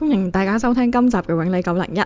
歡迎大家收聽今集嘅永利九零一。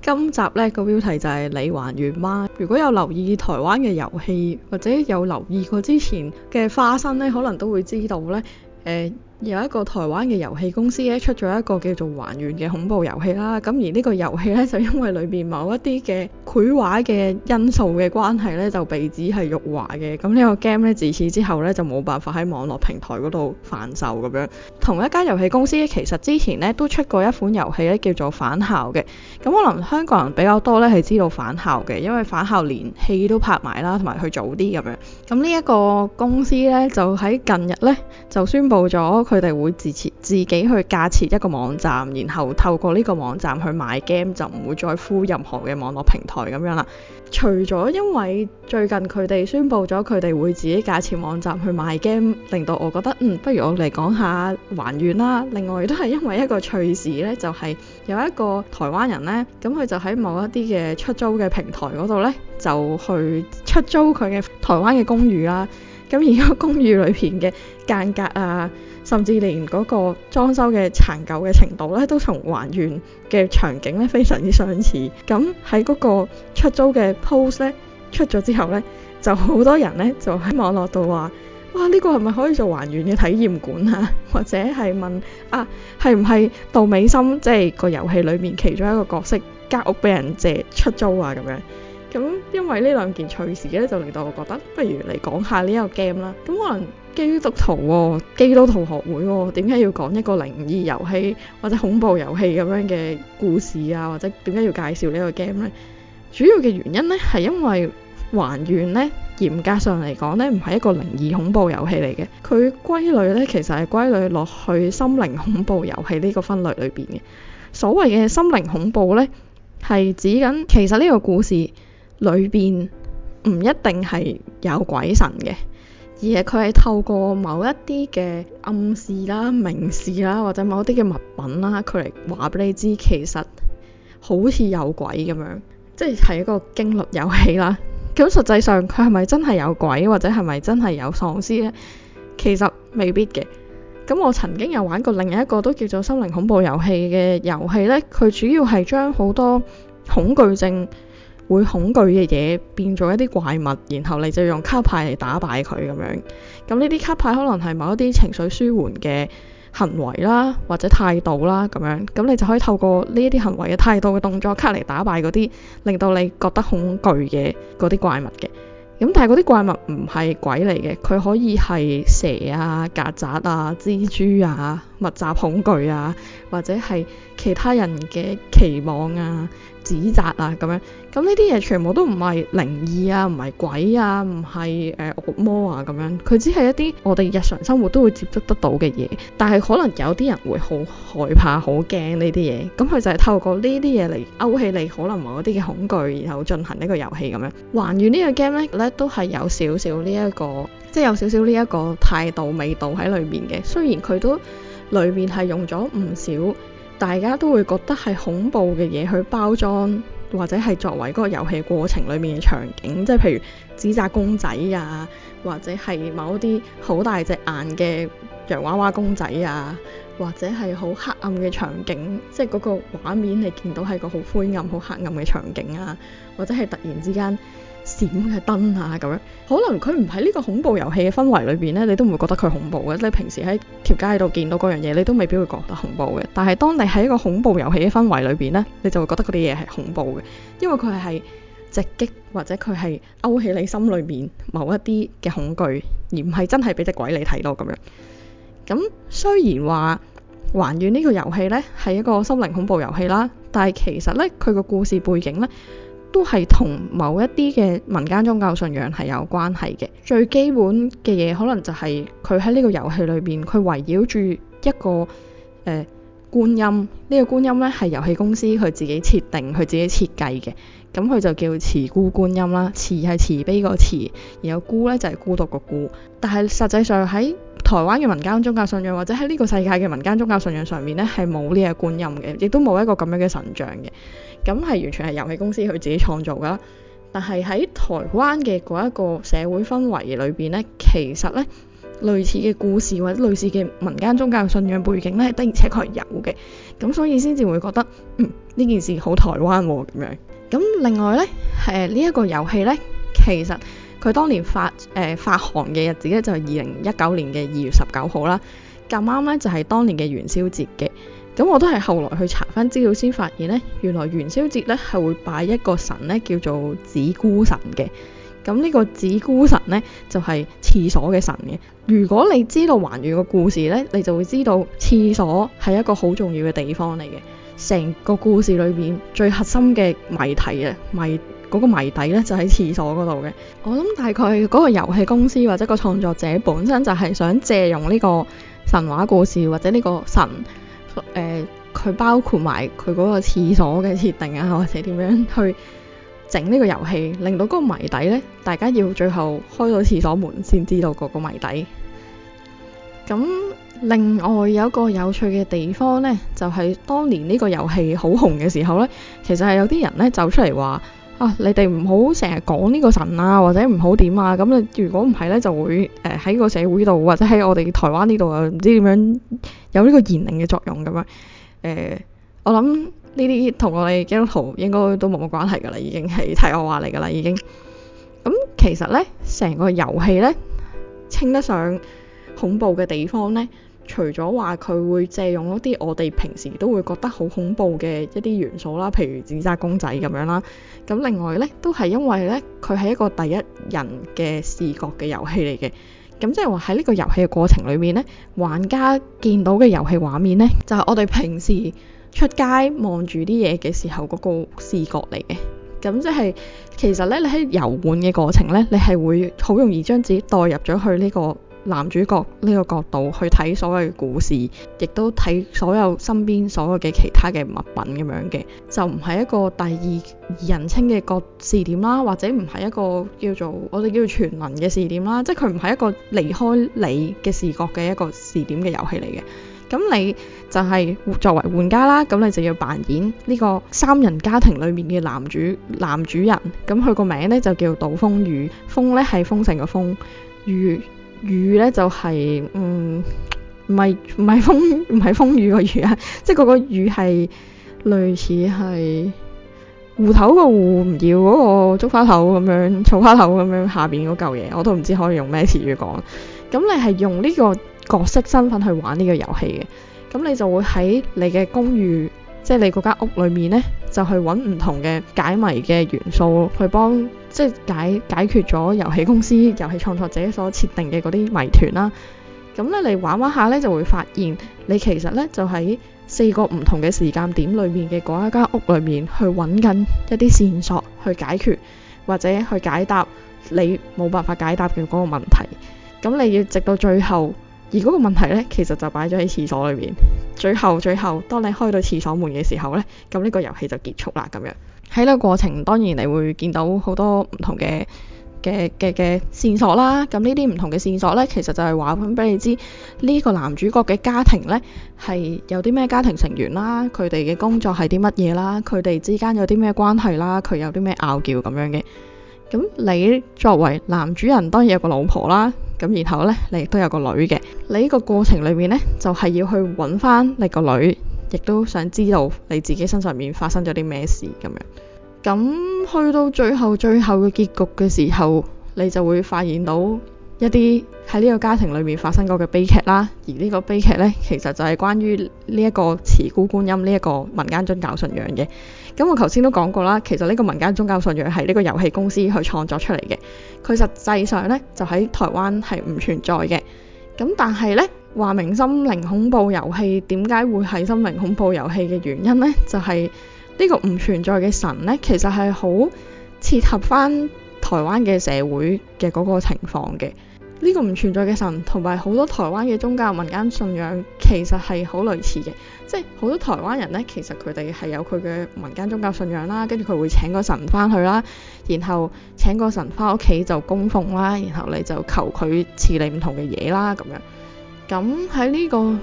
今集呢個標題就係你還願嗎？如果有留意台灣嘅遊戲，或者有留意過之前嘅花生呢，可能都會知道呢。呃，誒。有一個台灣嘅遊戲公司咧，出咗一個叫做《還願》嘅恐怖遊戲啦。咁而呢個遊戲咧，就因為裏邊某一啲嘅繪畫嘅因素嘅關係咧，就被指係辱華嘅。咁呢個 game 咧，自此之後咧，就冇辦法喺網絡平台嗰度販售咁樣。同一間遊戲公司咧，其實之前咧都出過一款遊戲咧，叫做《返校》嘅。咁可能香港人比較多咧，係知道《返校》嘅，因為《返校》連戲都拍埋啦，同埋佢早啲咁樣。咁呢一個公司咧，就喺近日咧就宣布咗。佢哋會自、自己去架設一個網站，然後透過呢個網站去買 game 就唔會再敷任何嘅網絡平台咁樣啦。除咗因為最近佢哋宣布咗佢哋會自己架設網站去賣 game，令到我覺得嗯，不如我嚟講下還願啦。另外都係因為一個趣事呢，就係有一個台灣人呢，咁佢就喺某一啲嘅出租嘅平台嗰度呢，就去出租佢嘅台灣嘅公寓啦。咁而家公寓裏邊嘅間隔啊～甚至連嗰個裝修嘅殘舊嘅程度咧，都同還願嘅場景咧非常之相似。咁喺嗰個出租嘅 post 咧出咗之後咧，就好多人咧就喺網絡度話：哇，呢個係咪可以做還願嘅體驗館啊？ 或者係問啊，係唔係杜美心即係個遊戲裡面其中一個角色間屋俾人借出租啊？咁樣。咁因為呢兩件趣事咧，就令到我覺得不如嚟講下呢個 game 啦。咁可能。基督徒喎、哦，基督徒學會喎、哦，點解要講一個靈異遊戲或者恐怖遊戲咁樣嘅故事啊？或者點解要介紹呢個 game 呢？主要嘅原因呢，係因為《還願》呢，嚴格上嚟講呢，唔係一個靈異恐怖遊戲嚟嘅，佢歸類呢，其實係歸類落去心靈恐怖遊戲呢個分類裏邊嘅。所謂嘅心靈恐怖呢，係指緊其實呢個故事裏邊唔一定係有鬼神嘅。而係佢係透過某一啲嘅暗示啦、明示啦，或者某一啲嘅物品啦，佢嚟話俾你知，其實好似有鬼咁樣，即係一個驚悚遊戲啦。咁實際上佢係咪真係有鬼，或者係咪真係有喪屍咧？其實未必嘅。咁我曾經有玩過另一個都叫做《心靈恐怖遊戲》嘅遊戲咧，佢主要係將好多恐懼症，會恐懼嘅嘢變咗一啲怪物，然後你就用卡牌嚟打敗佢咁樣。咁呢啲卡牌可能係某一啲情緒舒緩嘅行為啦，或者態度啦咁樣。咁你就可以透過呢一啲行為嘅態度嘅動作卡嚟打敗嗰啲令到你覺得恐懼嘅嗰啲怪物嘅。咁但係嗰啲怪物唔係鬼嚟嘅，佢可以係蛇啊、曱甴啊、蜘蛛啊、密集恐懼啊，或者係其他人嘅期望啊。指責啊咁樣，咁呢啲嘢全部都唔係靈異啊，唔係鬼啊，唔係誒惡魔啊咁樣，佢只係一啲我哋日常生活都會接觸得到嘅嘢，但係可能有啲人會好害怕、好驚呢啲嘢，咁佢就係透過呢啲嘢嚟勾起你可能某一啲嘅恐懼，然後進行呢個遊戲咁樣。還願呢個 game 咧，都係有少少呢、這、一個，即係有少少呢一個態度味道喺裏面嘅。雖然佢都裏面係用咗唔少。大家都會覺得係恐怖嘅嘢去包裝，或者係作為嗰個遊戲過程裏面嘅場景，即係譬如紙紮公仔呀、啊，或者係某一啲好大隻眼嘅洋娃娃公仔呀、啊，或者係好黑暗嘅場景，即係嗰個畫面你見到係個好灰暗、好黑暗嘅場景啊，或者係突然之間，點嘅燈啊，咁樣可能佢唔喺呢個恐怖遊戲嘅氛圍裏邊咧，你都唔會覺得佢恐怖嘅。你平時喺條街度見到嗰樣嘢，你都未必會覺得恐怖嘅。但係當你喺一個恐怖遊戲嘅氛圍裏邊咧，你就會覺得嗰啲嘢係恐怖嘅，因為佢係直擊或者佢係勾起你心裏面某一啲嘅恐懼，而唔係真係俾隻鬼你睇到。咁樣。咁雖然話《還願》呢個遊戲呢係一個心靈恐怖遊戲啦，但係其實呢，佢個故事背景呢。都係同某一啲嘅民間宗教信仰係有關係嘅。最基本嘅嘢，可能就係佢喺呢個遊戲裏邊，佢圍繞住一個誒、呃、觀音。呢、這個觀音咧，係遊戲公司佢自己設定、佢自己設計嘅。咁佢就叫慈孤觀音啦。慈係慈悲個慈，然後孤咧就係、是、孤獨個孤。但係實際上喺台灣嘅民間宗教信仰或者喺呢個世界嘅民間宗教信仰上面咧，係冇呢個觀音嘅，亦都冇一個咁樣嘅神像嘅。咁係完全係遊戲公司佢自己創造噶啦。但係喺台灣嘅嗰一個社會氛圍裏邊咧，其實咧，類似嘅故事或者類似嘅民間宗教信仰背景咧，的而且確係有嘅。咁所以先至會覺得嗯，呢件事好台灣喎，咁樣。咁另外咧，誒，呢一個遊戲咧，其實。佢當年發誒、呃、發行嘅日子咧，就係二零一九年嘅二月十九號啦。咁啱咧，就係、是、當年嘅元宵節嘅。咁我都係後來去查返資料先發現咧，原來元宵節咧係會拜一個神咧叫做紫姑神嘅。咁呢個紫姑神咧就係、是、廁所嘅神嘅。如果你知道還願嘅故事咧，你就會知道廁所係一個好重要嘅地方嚟嘅。成個故事裏面最核心嘅謎題啊，嗰、嗰個謎底呢就喺、是、廁所嗰度嘅。我諗大概嗰個遊戲公司或者個創作者本身就係想借用呢個神話故事或者呢個神誒，佢、呃、包括埋佢嗰個廁所嘅設定啊，或者點樣去整呢個遊戲，令到嗰個謎底呢，大家要最後開咗廁所門先知道嗰個謎底。咁另外有個有趣嘅地方呢，就係、是、當年呢個遊戲好紅嘅時候呢，其實係有啲人呢走出嚟話啊，你哋唔好成日講呢個神啊，或者唔好點啊。咁你如果唔係呢，就會誒喺、呃、個社會度或者喺我哋台灣呢度啊，唔知點樣有呢個言靈嘅作用咁樣誒、呃。我諗呢啲同我哋基督徒應該都冇乜關係㗎啦，已經係題外話嚟㗎啦已經。咁、嗯、其實呢，成個遊戲呢，稱得上恐怖嘅地方呢。除咗話佢會借用一啲我哋平時都會覺得好恐怖嘅一啲元素啦，譬如紙紮公仔咁樣啦。咁另外呢，都係因為呢，佢係一個第一人嘅視覺嘅遊戲嚟嘅。咁即係話喺呢個遊戲嘅過程裏面呢，玩家見到嘅遊戲畫面呢，就係我哋平時出街望住啲嘢嘅時候嗰個視覺嚟嘅。咁即係其實呢，你喺遊玩嘅過程呢，你係會好容易將自己代入咗去呢個男主角呢個角度去睇所謂故事，亦都睇所有身邊所有嘅其他嘅物品咁樣嘅，就唔係一個第二、二人稱嘅視點啦，或者唔係一個叫做我哋叫做全文嘅視點啦。即係佢唔係一個離開你嘅視角嘅一個視點嘅遊戲嚟嘅。咁你就係作為玩家啦，咁你就要扮演呢個三人家庭裡面嘅男主男主人。咁佢個名咧就叫杜風雨，風咧係風城嘅風，雨。雨呢就係、是，嗯，唔係唔係風，唔係風雨，雨 個雨啊，即係嗰個雨係類似係芋頭個芋，唔要嗰個竹花頭咁樣，草花頭咁樣下邊嗰嚿嘢，我都唔知可以用咩詞語講。咁你係用呢個角色身份去玩呢個遊戲嘅，咁你就會喺你嘅公寓，即、就、係、是、你嗰間屋裏面呢，就去揾唔同嘅解謎嘅元素，去幫。即解解決咗遊戲公司、遊戲創作者所設定嘅嗰啲謎團啦。咁咧你玩玩下咧，就會發現你其實咧就喺四個唔同嘅時間點裏面嘅嗰一間屋裏面去揾緊一啲線索去解決或者去解答你冇辦法解答嘅嗰個問題。咁你要直到最後，而嗰個問題咧其實就擺咗喺廁所裏面。最後最後，當你開到廁所門嘅時候咧，咁呢個遊戲就結束啦咁樣。喺呢個過程，當然你會見到好多唔同嘅嘅嘅嘅線索啦。咁呢啲唔同嘅線索咧，其實就係話翻俾你知呢個男主角嘅家庭咧係有啲咩家庭成員啦，佢哋嘅工作係啲乜嘢啦，佢哋之間有啲咩關係啦，佢有啲咩拗撬咁樣嘅。咁你作為男主人當然有個老婆啦，咁然後咧你亦都有個女嘅。你呢個過程裏面咧就係要去揾翻你個女。亦都想知道你自己身上面發生咗啲咩事咁樣，咁去到最後最後嘅結局嘅時候，你就會發現到一啲喺呢個家庭裏面發生過嘅悲劇啦。而呢個悲劇咧，其實就係關於呢一個慈孤觀音呢一個民間宗教信仰嘅。咁我頭先都講過啦，其實呢個民間宗教信仰係呢個遊戲公司去創作出嚟嘅，佢實際上咧就喺台灣係唔存在嘅。咁但係咧。話明《心靈恐怖遊戲》點解會係《心靈恐怖遊戲》嘅原因呢？就係呢個唔存在嘅神呢，其實係好切合翻台灣嘅社會嘅嗰個情況嘅。呢個唔存在嘅神同埋好多台灣嘅宗教民間信仰其實係好類似嘅，即係好多台灣人呢，其實佢哋係有佢嘅民間宗教信仰啦，跟住佢會請個神翻去啦，然後請個神翻屋企就供奉啦，然後你就求佢賜你唔同嘅嘢啦咁樣。咁喺呢個誒、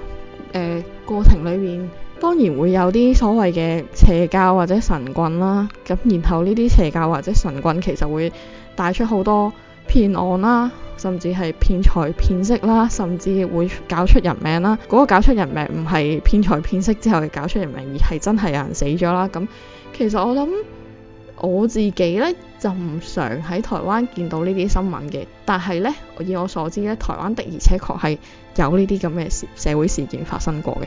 呃、過程裏面，當然會有啲所謂嘅邪教或者神棍啦。咁然後呢啲邪教或者神棍其實會帶出好多騙案啦，甚至係騙財騙色啦，甚至會搞出人命啦。嗰個搞出人命唔係騙財騙色之後搞出人命，而係真係有人死咗啦。咁其實我諗我自己呢，就唔常喺台灣見到呢啲新聞嘅，但係呢，以我所知呢，台灣的而且確係。有呢啲咁嘅事、社會事件發生過嘅，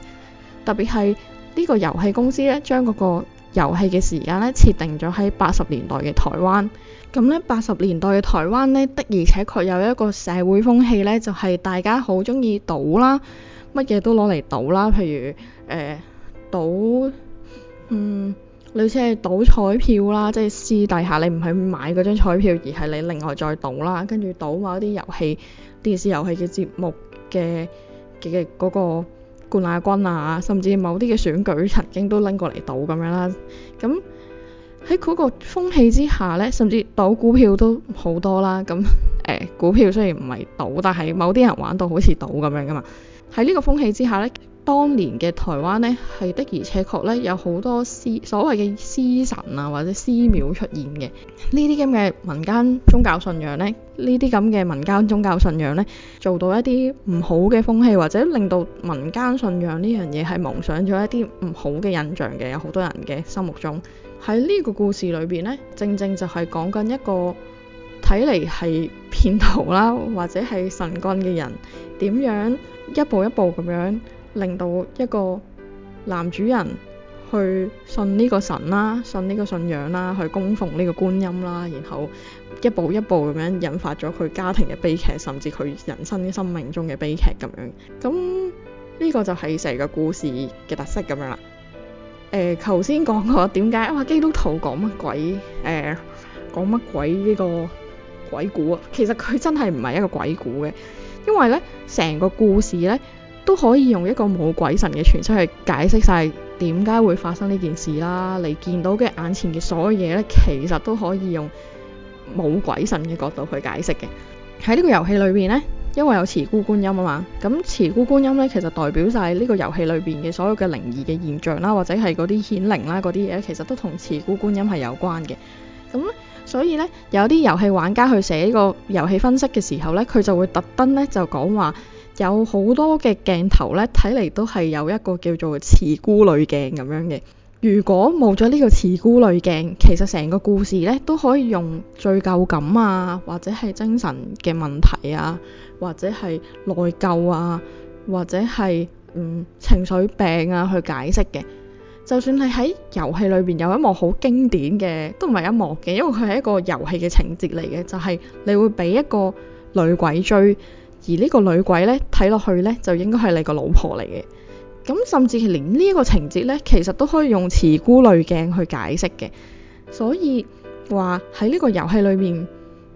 特別係呢、這個遊戲公司咧，將嗰個遊戲嘅時間咧設定咗喺八十年代嘅台灣。咁咧，八十年代嘅台灣咧，的而且確有一個社會風氣咧，就係、是、大家好中意賭啦，乜嘢都攞嚟賭啦，譬如誒、呃、賭嗯類似係賭彩票啦，即係私底下你唔係買嗰張彩票，而係你另外再賭啦，跟住賭某啲遊戲電視遊戲嘅節目嘅嘅嘅嗰個冠亞軍啊，甚至某啲嘅選舉曾經都拎過嚟賭咁樣啦。咁喺嗰個風氣之下咧，甚至賭股票都好多啦。咁誒、欸、股票雖然唔係賭，但係某啲人玩到好似賭咁樣㗎嘛。喺呢個風氣之下呢，當年嘅台灣呢，係的而且確呢有好多所謂嘅私神啊或者私廟出現嘅，呢啲咁嘅民間宗教信仰咧，呢啲咁嘅民間宗教信仰呢，做到一啲唔好嘅風氣，或者令到民間信仰呢樣嘢係蒙上咗一啲唔好嘅印象嘅，有好多人嘅心目中。喺呢個故事裏邊呢，正正就係講緊一個。睇嚟係騙徒啦，或者係神棍嘅人，點樣一步一步咁樣令到一個男主人去信呢個神啦，信呢個信仰啦，去供奉呢個觀音啦，然後一步一步咁樣引發咗佢家庭嘅悲劇，甚至佢人生生命中嘅悲劇咁樣。咁呢、這個就係成個故事嘅特色咁樣啦。誒、呃，頭先講過點解啊？基督徒講乜、呃、鬼？誒，講乜鬼呢個？鬼故啊，其實佢真係唔係一個鬼故嘅，因為呢成個故事呢都可以用一個冇鬼神嘅傳說去解釋晒點解會發生呢件事啦。你見到嘅眼前嘅所有嘢呢，其實都可以用冇鬼神嘅角度去解釋嘅。喺呢個遊戲裏面呢，因為有慈孤觀音啊嘛，咁慈孤觀音呢，其實代表晒呢個遊戲裏邊嘅所有嘅靈異嘅現象啦，或者係嗰啲顯靈啦嗰啲嘢咧，其實都同慈孤觀音係有關嘅。咁所以呢，有啲遊戲玩家去寫個遊戲分析嘅時候呢，佢就會特登呢就講話，有好多嘅鏡頭呢，睇嚟都係有一個叫做慈孤濾鏡咁樣嘅。如果冇咗呢個慈孤濾鏡，其實成個故事呢都可以用罪疚感啊，或者係精神嘅問題啊，或者係內疚啊，或者係嗯情緒病啊去解釋嘅。就算係喺遊戲裏邊有一幕好經典嘅，都唔係一幕嘅，因為佢係一個遊戲嘅情節嚟嘅，就係你會俾一個女鬼追，而呢個女鬼呢，睇落去呢，就應該係你個老婆嚟嘅。咁甚至連呢一個情節呢，其實都可以用慈孤濾鏡去解釋嘅。所以話喺呢個遊戲裏面，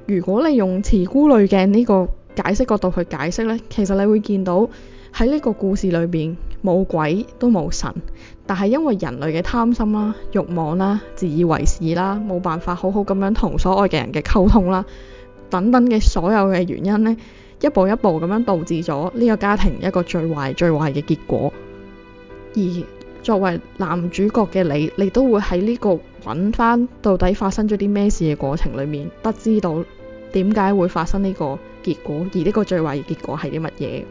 如果你用慈孤濾鏡呢個解釋角度去解釋呢，其實你會見到喺呢個故事裏邊冇鬼都冇神。但係因為人類嘅貪心啦、啊、慾望啦、啊、自以為是啦、啊、冇辦法好好咁樣同所愛嘅人嘅溝通啦、啊，等等嘅所有嘅原因呢，一步一步咁樣導致咗呢個家庭一個最壞、最壞嘅結果。而作為男主角嘅你，你都會喺呢個搵翻到底發生咗啲咩事嘅過程裏面，得知道點解會發生呢個結果，而呢個最壞嘅結果係啲乜嘢？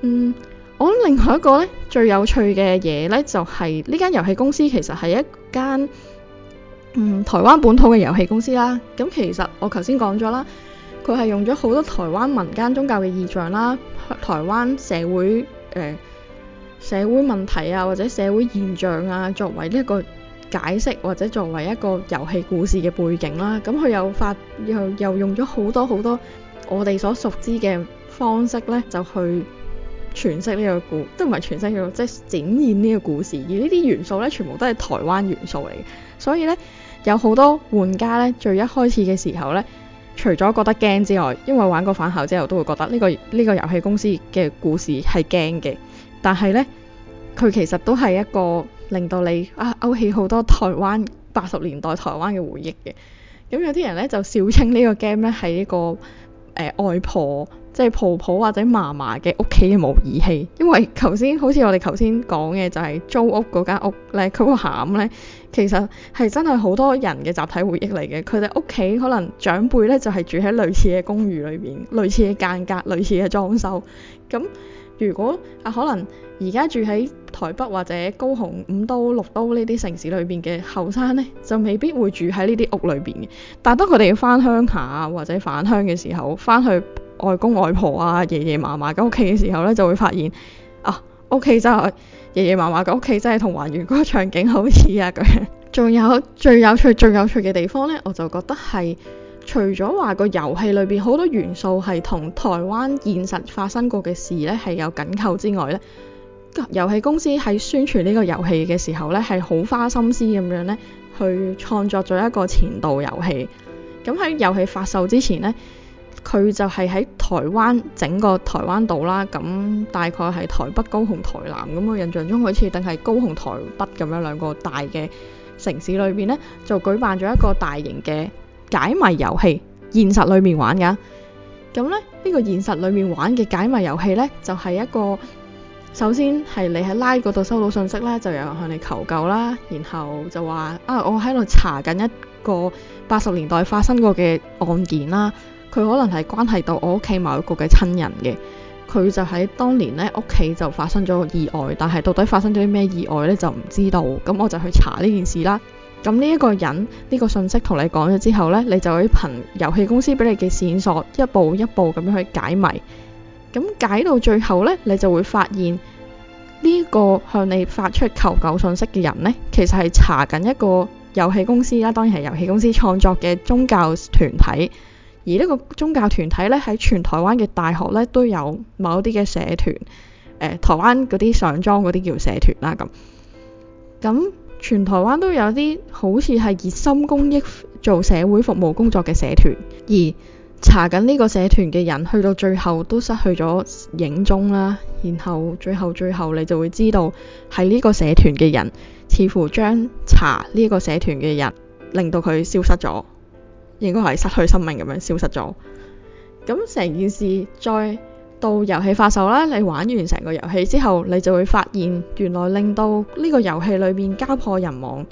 嗯。我諗另外一個最有趣嘅嘢咧，就係呢間遊戲公司其實係一間、嗯、台灣本土嘅遊戲公司啦。咁其實我頭先講咗啦，佢係用咗好多台灣民間宗教嘅意象啦，台灣社會、呃、社會問題啊，或者社會現象啊，作為一個解釋或者作為一個遊戲故事嘅背景啦。咁佢又發又、又用咗好多好多我哋所熟知嘅方式咧，就去詮釋呢個故都唔係，詮釋呢個，即係展現呢個故事。而呢啲元素咧，全部都係台灣元素嚟嘅。所以咧，有好多玩家咧，最一開始嘅時候咧，除咗覺得驚之外，因為玩過返校之後，都會覺得呢、這個呢、這個遊戲公司嘅故事係驚嘅。但係咧，佢其實都係一個令到你啊勾起好多台灣八十年代台灣嘅回憶嘅。咁、嗯、有啲人咧就笑稱呢個 game 咧係一個誒外、呃、婆。即係婆婆或者嫲嫲嘅屋企嘅模擬器，因為頭先好似我哋頭先講嘅就係租屋嗰間屋咧，佢個餡咧其實係真係好多人嘅集體回憶嚟嘅。佢哋屋企可能長輩咧就係、是、住喺類似嘅公寓裏邊，類似嘅間隔，類似嘅裝修。咁如果啊，可能而家住喺台北或者高雄、五都、六都呢啲城市裏邊嘅後生咧，就未必會住喺呢啲屋裏邊嘅。但係當佢哋要翻鄉下或者返鄉嘅時候，翻去。外公外婆啊、爺爺嫲嫲嘅屋企嘅時候咧，就會發現啊，屋企真係爺爺嫲嫲嘅屋企真係同還願嗰個場景好似啊咁樣。仲有最有趣、最有趣嘅地方咧，我就覺得係除咗話個遊戲裏邊好多元素係同台灣現實發生過嘅事咧，係有緊扣之外咧，遊戲公司喺宣傳呢個遊戲嘅時候咧，係好花心思咁樣咧去創作咗一個前導遊戲。咁喺遊戲發售之前咧。佢就係喺台灣整個台灣島啦，咁大概係台北、高雄、台南咁。我印象中好似定係高雄、台北咁樣兩個大嘅城市裏邊呢，就舉辦咗一個大型嘅解謎遊戲，現實裏面玩噶。咁咧，呢個現實裏面玩嘅解謎遊戲呢，就係一個首先係你喺 Line 嗰度收到信息啦，就有人向你求救啦，然後就話啊，我喺度查緊一個八十年代發生過嘅案件啦。佢可能係關係到我屋企某一個嘅親人嘅，佢就喺當年呢屋企就發生咗意外，但係到底發生咗啲咩意外呢？就唔知道。咁我就去查呢件事啦。咁呢一個人呢，呢個信息同你講咗之後呢，你就可以憑遊戲公司俾你嘅線索，一步一步咁樣去解謎。咁解到最後呢，你就會發現呢個向你發出求救信息嘅人呢，其實係查緊一個遊戲公司啦。當然係遊戲公司創作嘅宗教團體。而呢個宗教團體咧，喺全台灣嘅大學咧都有某啲嘅社團，誒、呃、台灣嗰啲上莊嗰啲叫社團啦咁。咁全台灣都有啲好似係熱心公益做社會服務工作嘅社團，而查緊呢個社團嘅人，去到最後都失去咗影蹤啦。然後最後最後，你就會知道係呢個社團嘅人，似乎將查呢個社團嘅人，令到佢消失咗。應該係失去生命咁樣消失咗。咁成件事再到遊戲發售啦，你玩完成個遊戲之後，你就會發現原來令到呢個遊戲裏面家破人亡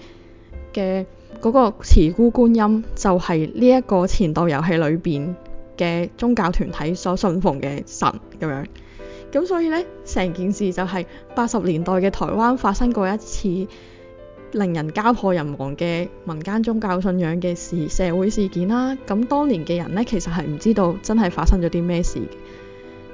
嘅嗰個慈孤觀音，就係呢一個前代遊戲裏邊嘅宗教團體所信奉嘅神咁樣。咁所以呢，成件事就係八十年代嘅台灣發生過一次。令人家破人亡嘅民間宗教信仰嘅事、社會事件啦，咁當年嘅人呢，其實係唔知道真係發生咗啲咩事。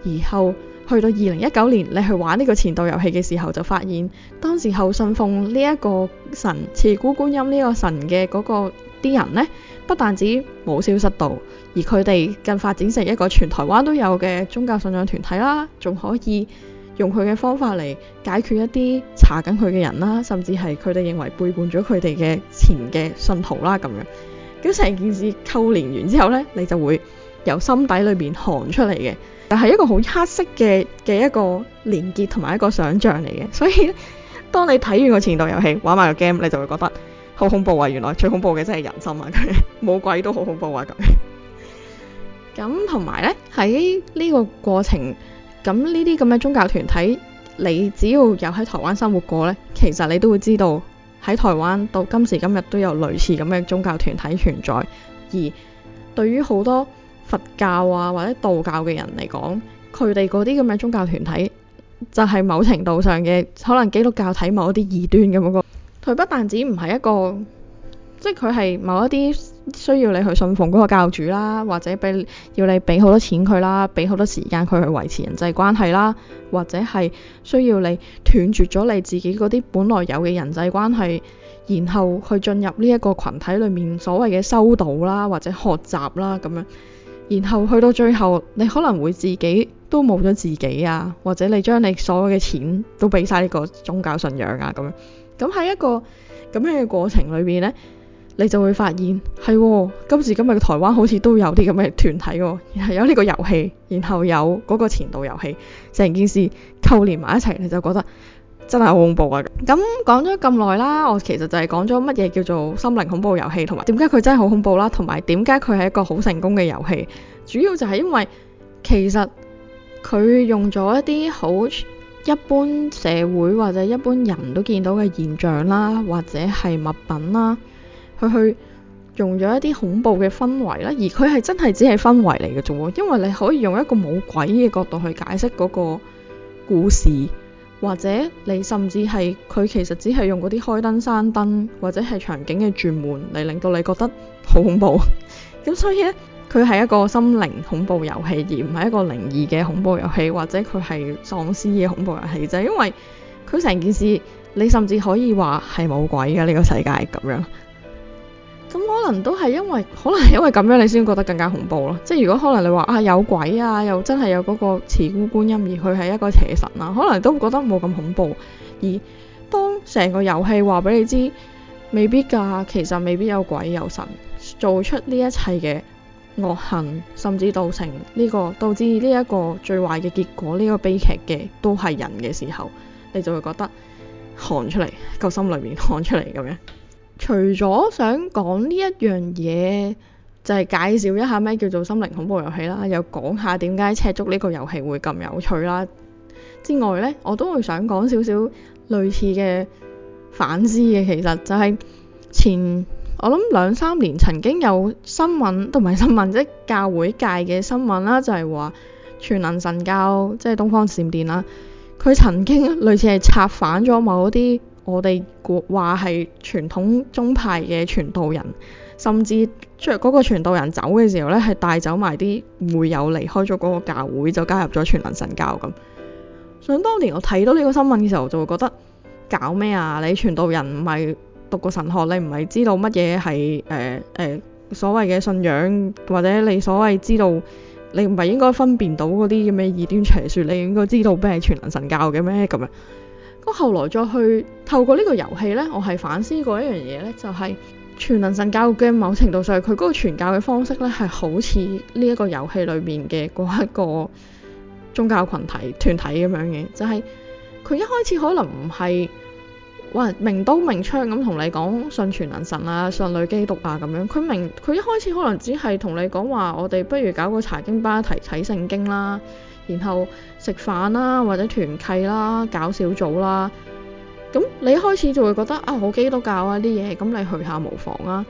然後去到二零一九年，你去玩呢個前導遊戲嘅時候，就發現當時候信奉呢一個神、慈孤觀音呢個神嘅嗰、嗰個啲人呢，不但止冇消失到，而佢哋更發展成一個全台灣都有嘅宗教信仰團體啦，仲可以，用佢嘅方法嚟解決一啲查緊佢嘅人啦，甚至係佢哋認為背叛咗佢哋嘅前嘅信徒啦咁樣。咁成件事扣連完之後咧，你就會由心底裏邊寒出嚟嘅，就係一個好黑色嘅嘅一個連結同埋一個想像嚟嘅。所以，當你睇完個前導遊戲玩埋個 game，你就會覺得好恐怖啊！原來最恐怖嘅真係人心啊！咁冇鬼都好恐怖啊！咁咁同埋咧，喺呢個過程。咁呢啲咁嘅宗教團體，你只要有喺台灣生活過呢，其實你都會知道喺台灣到今時今日都有類似咁嘅宗教團體存在。而對於好多佛教啊或者道教嘅人嚟講，佢哋嗰啲咁嘅宗教團體就係某程度上嘅可能基督教睇某一啲異端咁嗰個。佢不但止唔係一個，即係佢係某一啲。需要你去信奉嗰個教主啦，或者俾要你俾好多錢佢啦，俾好多時間佢去維持人際關係啦，或者係需要你斷絕咗你自己嗰啲本來有嘅人際關係，然後去進入呢一個群體裏面所謂嘅修道啦，或者學習啦咁樣，然後去到最後，你可能會自己都冇咗自己啊，或者你將你所有嘅錢都俾晒呢個宗教信仰啊咁樣，咁喺一個咁樣嘅過程裏邊呢。你就會發現係喎、哦，今時今日嘅台灣好似都有啲咁嘅團體喎、哦，有呢個遊戲，然後有嗰個前導遊戲，成件事扣連埋一齊，你就覺得真係好恐怖啊！咁、嗯、講咗咁耐啦，我其實就係講咗乜嘢叫做心靈恐怖遊戲，同埋點解佢真係好恐怖啦，同埋點解佢係一個好成功嘅遊戲，主要就係因為其實佢用咗一啲好一般社會或者一般人都見到嘅現象啦，或者係物品啦。佢去用咗一啲恐怖嘅氛圍啦，而佢係真係只係氛圍嚟嘅啫。因為你可以用一個冇鬼嘅角度去解釋嗰個故事，或者你甚至係佢其實只係用嗰啲開燈閂燈或者係場景嘅轉門嚟令到你覺得好恐怖。咁 所以咧，佢係一個心靈恐怖遊戲，而唔係一個靈異嘅恐怖遊戲，或者佢係喪屍嘅恐怖遊戲。啫，因為佢成件事，你甚至可以話係冇鬼嘅呢個世界咁樣。可能都係因為，可能因為咁樣你先覺得更加恐怖咯。即係如果可能你話啊有鬼啊，又真係有嗰個慈孤觀音，而佢係一個邪神啊，可能都覺得冇咁恐怖。而當成個遊戲話俾你知，未必噶，其實未必有鬼有神做出呢一切嘅惡行，甚至造成呢個導致呢一個最壞嘅結果，呢個悲劇嘅都係人嘅時候，你就會覺得寒出嚟，夠心裏面寒出嚟咁樣。除咗想講呢一樣嘢，就係、是、介紹一下咩叫做心靈恐怖遊戲啦，又講下點解《赤燭》呢個遊戲會咁有趣啦，之外咧，我都會想講少少類似嘅反思嘅。其實就係前我諗兩三年曾經有新聞，都唔係新聞，即係教會界嘅新聞啦，就係、是、話全能神教，即係、就是、東方閃電啦，佢曾經類似係策反咗某啲。我哋話係傳統宗派嘅傳道人，甚至著嗰個傳道人走嘅時候呢，係帶走埋啲會友離開咗嗰個教會，就加入咗全能神教咁。想當年我睇到呢個新聞嘅時候，就會覺得搞咩啊？你傳道人唔係讀過神學，你唔係知道乜嘢係誒誒所謂嘅信仰，或者你所謂知道你唔係應該分辨到嗰啲咁嘅異端邪說，你應該知道咩係全能神教嘅咩咁樣？我後來再去透過呢個遊戲呢，我係反思過一樣嘢呢，就係、是、全能神教會嘅某程度上，佢嗰個傳教嘅方式呢，係好似呢一個遊戲裏面嘅嗰一個宗教群體團體咁樣嘅，就係、是、佢一開始可能唔係哇明刀明槍咁同你講信全能神啊，信女基督啊咁樣，佢明佢一開始可能只係同你講話，我哋不如搞個查經班，睇睇聖經啦。然後食飯啦，或者團契啦，搞小組啦，咁你開始就會覺得啊，好基督教啊啲嘢，咁你去下無妨啊。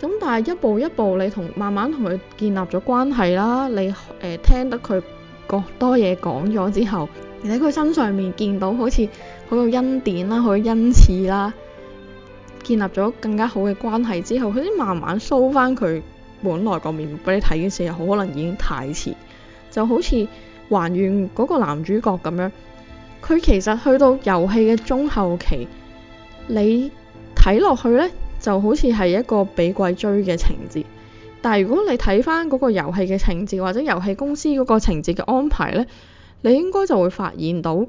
咁但係一步一步你慢慢，你同慢慢同佢建立咗關係啦，你、呃、誒聽得佢咁多嘢講咗之後，而喺佢身上面見到好似好有恩典啦，好有恩慈啦，建立咗更加好嘅關係之後，佢先慢慢 show 翻佢本來個面目俾你睇嘅時候，好可能已經太遲，就好似～還願嗰個男主角咁樣，佢其實去到遊戲嘅中後期，你睇落去呢就好似係一個俾鬼追嘅情節。但係如果你睇翻嗰個遊戲嘅情節，或者遊戲公司嗰個情節嘅安排呢，你應該就會發現到，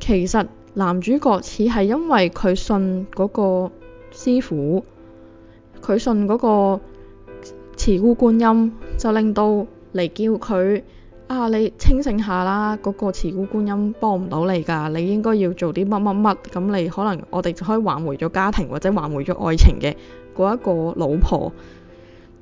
其實男主角似係因為佢信嗰個師傅，佢信嗰個慈孤觀音，就令到嚟，叫佢。啊！你清醒下啦，嗰個慈孤觀音幫唔到你噶，你應該要做啲乜乜乜咁，你可能我哋就可以挽回咗家庭或者挽回咗愛情嘅嗰一個老婆。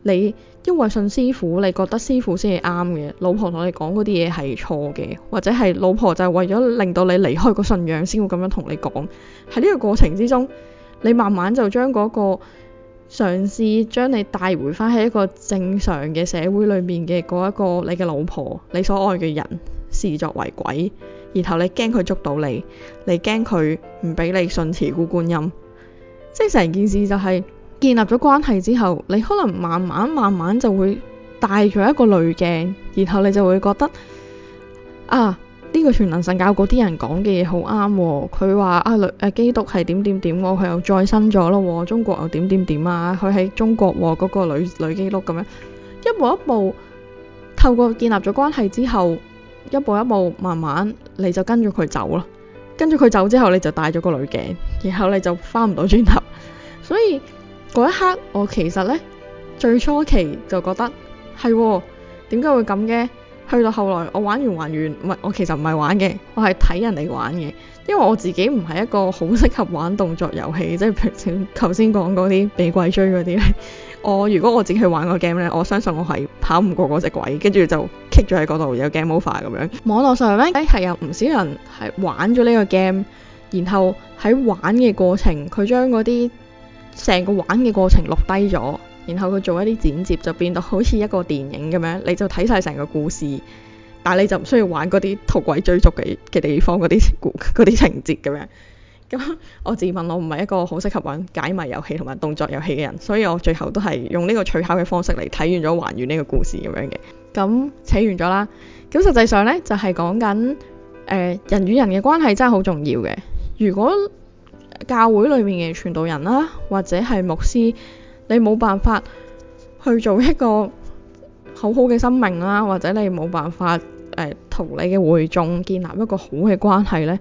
你因為信師傅，你覺得師傅先係啱嘅，老婆同你講嗰啲嘢係錯嘅，或者係老婆就係為咗令到你離開個信仰先會咁樣同你講，喺呢個過程之中，你慢慢就將嗰個。嘗試將你帶回返喺一個正常嘅社會裏面嘅嗰一個你嘅老婆，你所愛嘅人視作為鬼，然後你驚佢捉到你，你驚佢唔畀你信慈孤觀音，即係成件事就係、是、建立咗關係之後，你可能慢慢慢慢就會戴住一個濾鏡，然後你就會覺得啊。呢個全能神教嗰啲人講嘅嘢好啱喎，佢話啊女誒基督係點點點，佢又再生咗咯喎，中國又點點點啊，佢喺中國喎、哦、嗰、嗰個女女基督咁樣，一步一步透過建立咗關係之後，一步一步慢慢你就跟住佢走啦，跟住佢走之後你就帶咗個女嘅，然後你就翻唔到轉頭， 所以嗰一刻我其實呢，最初期就覺得係點解會咁嘅？去到後來，我玩完還願，唔係我其實唔係玩嘅，我係睇人哋玩嘅，因為我自己唔係一個好適合玩動作遊戲，即係譬如頭先講嗰啲畀鬼追嗰啲咧。我如果我自己去玩個 game 咧，我相信我係跑唔過嗰隻鬼，跟住就 kick 咗喺嗰度，有 game over 咁樣。網絡上咧，係有唔少人係玩咗呢個 game，然後喺玩嘅過程，佢將嗰啲成個玩嘅過程錄低咗。然後佢做一啲剪接，就變到好似一個電影咁樣，你就睇晒成個故事，但係你就唔需要玩嗰啲逃鬼追逐嘅嘅地方嗰啲啲情節咁樣。咁 我自問我唔係一個好適合玩解謎遊戲同埋動作遊戲嘅人，所以我最後都係用呢個取巧嘅方式嚟睇完咗還願呢個故事咁樣嘅。咁扯、嗯、完咗啦。咁、嗯、實際上呢，就係講緊誒人與人嘅關係真係好重要嘅。如果教會裏面嘅傳道人啦，或者係牧師。你冇辦法去做一個好好嘅生命啦，或者你冇辦法誒同、呃、你嘅會眾建立一個好嘅關係咧，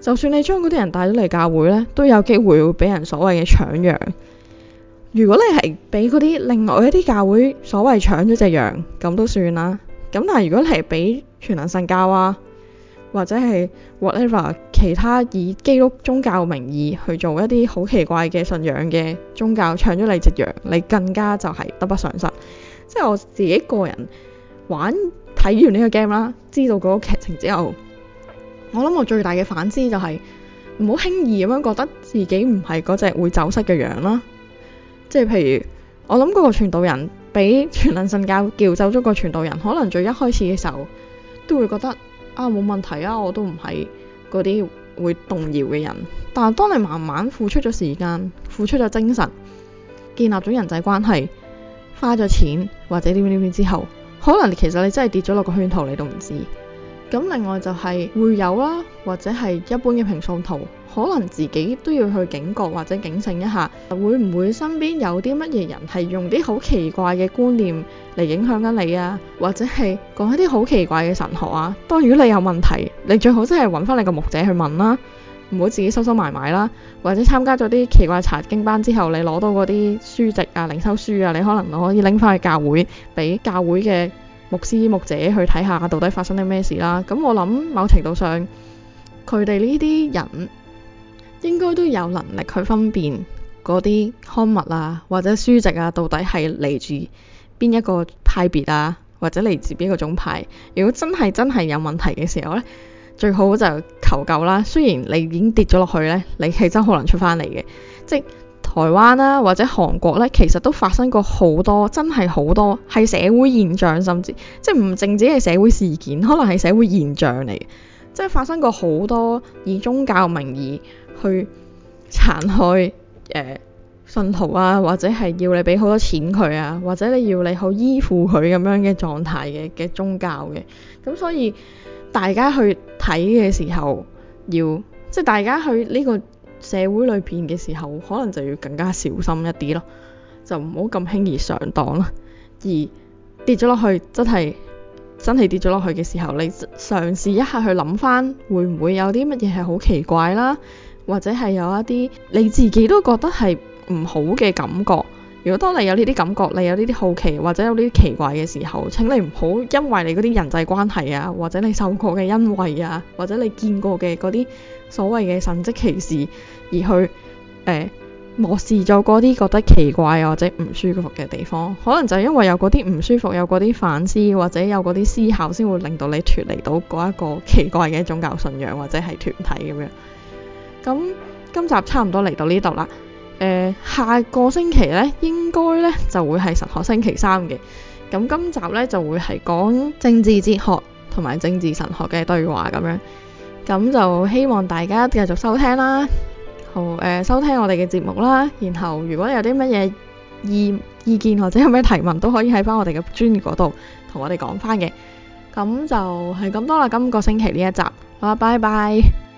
就算你將嗰啲人帶咗嚟教會咧，都有機會會俾人所謂嘅搶羊。如果你係畀嗰啲另外一啲教會所謂搶咗隻羊，咁都算啦。咁但係如果你係畀全能神教啊，或者係 whatever。其他以基督宗教名義去做一啲好奇怪嘅信仰嘅宗教，搶咗你隻羊，你更加就係得不償失。即係我自己個人玩睇完呢個 game 啦，知道嗰個劇情之後，我諗我最大嘅反思就係唔好輕易咁樣覺得自己唔係嗰隻會走失嘅羊啦。即係譬如我諗嗰個傳道人俾全能神教叫走咗個傳道人，可能最一開始嘅時候都會覺得啊冇問題啊，我都唔係。嗰啲會動搖嘅人，但係當你慢慢付出咗時間、付出咗精神、建立咗人際關係、花咗錢或者點點點之後，可能其實你真係跌咗落個圈套，你都唔知。咁另外就係會友啦，或者係一般嘅平信徒。可能自己都要去警覺或者警醒一下，會唔會身邊有啲乜嘢人係用啲好奇怪嘅觀念嚟影響緊你啊？或者係講一啲好奇怪嘅神學啊？當如果你有問題，你最好真係揾翻你個牧者去問啦，唔好自己收收埋埋啦。或者參加咗啲奇怪查經班之後，你攞到嗰啲書籍啊、靈修書啊，你可能可以拎翻去教會，俾教會嘅牧師、牧者去睇下到底發生啲咩事啦、啊。咁我諗某程度上，佢哋呢啲人。應該都有能力去分辨嗰啲刊物啊，或者書籍啊，到底係嚟自邊一個派別啊，或者嚟自邊一個種派。如果真係真係有問題嘅時候咧，最好就求救啦。雖然你已經跌咗落去咧，你係真可能出翻嚟嘅。即台灣啦、啊，或者韓國咧，其實都發生過好多真係好多係社會現象，甚至即係唔淨止係社會事件，可能係社會現象嚟。即係發生過好多以宗教名義去殘害誒、呃、信徒啊，或者係要你俾好多錢佢啊，或者你要你好依附佢咁樣嘅狀態嘅嘅宗教嘅，咁所以大家去睇嘅時候要，即係大家去呢個社會裏邊嘅時候，可能就要更加小心一啲咯，就唔好咁輕易上當咯，而跌咗落去真係～真係跌咗落去嘅時候，你嘗試一下去諗翻，會唔會有啲乜嘢係好奇怪啦，或者係有一啲你自己都覺得係唔好嘅感覺。如果當你有呢啲感覺，你有呢啲好奇或者有呢啲奇怪嘅時候，請你唔好因為你嗰啲人際關係啊，或者你受過嘅恩惠啊，或者你見過嘅嗰啲所謂嘅神蹟奇事而去誒、呃漠視咗嗰啲覺得奇怪或者唔舒服嘅地方，可能就因為有嗰啲唔舒服，有嗰啲反思或者有嗰啲思考，先會令到你脫離到你脫離到嗰一個奇怪嘅宗教信仰或者係團體咁樣。咁今集差唔多嚟到呢度啦。誒，下個星期呢應該呢就會係神學星期三嘅。咁今集呢就會係講政治哲學同埋政治神學嘅對話咁樣。咁就希望大家繼續收聽啦。好誒、呃，收聽我哋嘅節目啦，然後如果你有啲乜嘢意意見或者有咩提問，都可以喺翻我哋嘅專頁嗰度同我哋講翻嘅，咁就係咁多啦，今個星期呢一集，好啦，拜拜。